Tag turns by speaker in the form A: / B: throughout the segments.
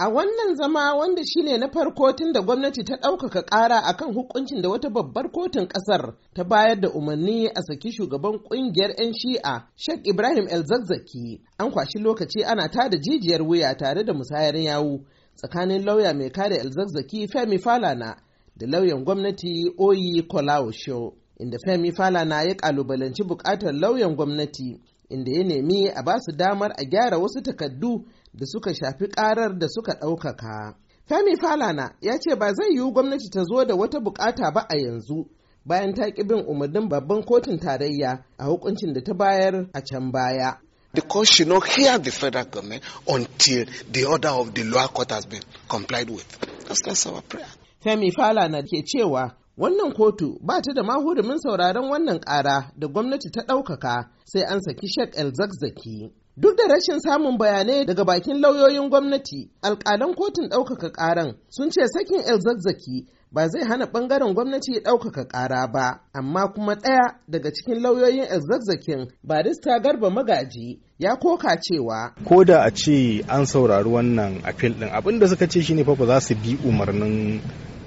A: A wannan zama wanda shine na farko tun da gwamnati ta ɗaukaka ƙara a kan hukuncin da wata babbar kotun ƙasar ta bayar da umarni a saki shugaban ƙungiyar 'yan shi'a Sheikh Ibrahim El Zazzaki an kwashi lokaci ana ta da jijiyar wuya tare da musayar yawu tsakanin lauya mai kare El Zazzaki Femi Falana da lauyan gwamnati Oyi Kolawosho inda Femi Falana ya ƙalubalanci buƙatar lauyan gwamnati inda ya nemi a ba su damar a gyara wasu takaddu da suka shafi karar da suka ɗaukaka. Femi Falana ya ce ba zai yiwu gwamnati ta zo da wata bukata ba a yanzu bayan ta ƙi bin umarnin babban kotun tarayya a hukuncin da ta bayar a can baya. The court should not hear the federal government until the order of the lower court has been complied with. That's, that's our prayer. Femi Falana ke cewa Wannan kotu ba ta da mahurumin sauraron wannan ƙara da gwamnati ta ɗaukaka sai an saki shek El Zakzaki. Duk da rashin samun bayanai daga bakin lauyoyin gwamnati, alƙalan kotun ɗaukaka ƙaran sun ce sakin El Zakzaki ba zai hana ɓangaren gwamnati ɗaukaka ƙara ba, amma kuma ɗaya daga cikin lauyoyin zakzakin, barista garba magaji ya koka cewa.
B: Ko da a ce an saurari wannan afil ɗin abinda suka ce shine fa ba za su bi umarnin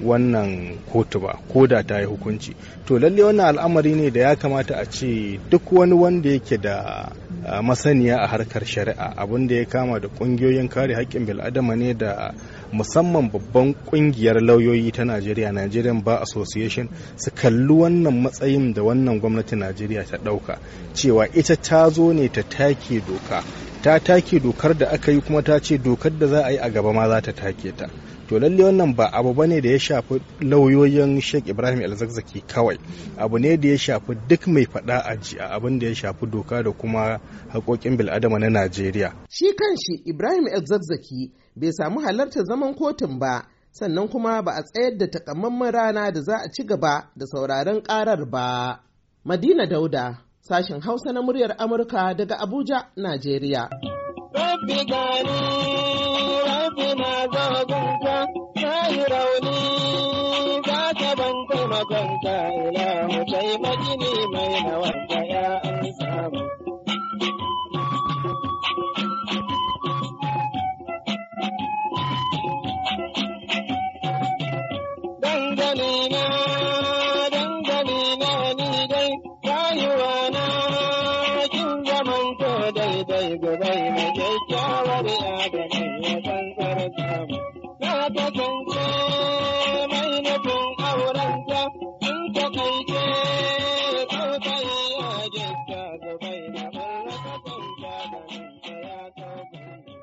B: wannan kotu ba ko da ta yi hukunci to lalle wannan al'amari ne da ya kamata a ce duk wani wanda yake da masaniya a harkar shari'a abin ya kama da kungiyoyin kare haƙƙin bil'adama ne da musamman babban kungiyar lauyoyi ta najeriya nigerian bar association su kalli wannan matsayin da wannan gwamnatin najeriya ta ɗauka cewa ita ta zo ne ta take doka ta take dokar da aka yi kuma ta ce dokar da za a yi a gaba ma za ta take ta to lalle wannan ba abu bane da ya shafi lauyoyin Sheikh Ibrahim Alzakzaki kawai abu ne da ya shafi duk mai fada a ji a abin da ya shafi doka da kuma haƙoƙin bil'adama na Najeriya
A: shi kanshi Ibrahim Alzakzaki bai samu halartar zaman kotun ba sannan kuma ba a tsayar da takamaiman rana da za a ci gaba da sauraron karar ba Madina Dauda Sashen Hausa na muryar Amurka daga Abuja, Najeriya.
B: Rabbi gani, rabbi na zagunta, ya yi rauni, za ta ban taimakonta, ila mu taimaki ne mai hawanta ya an samu. Dangane Jaya Jaya Jaya Jaya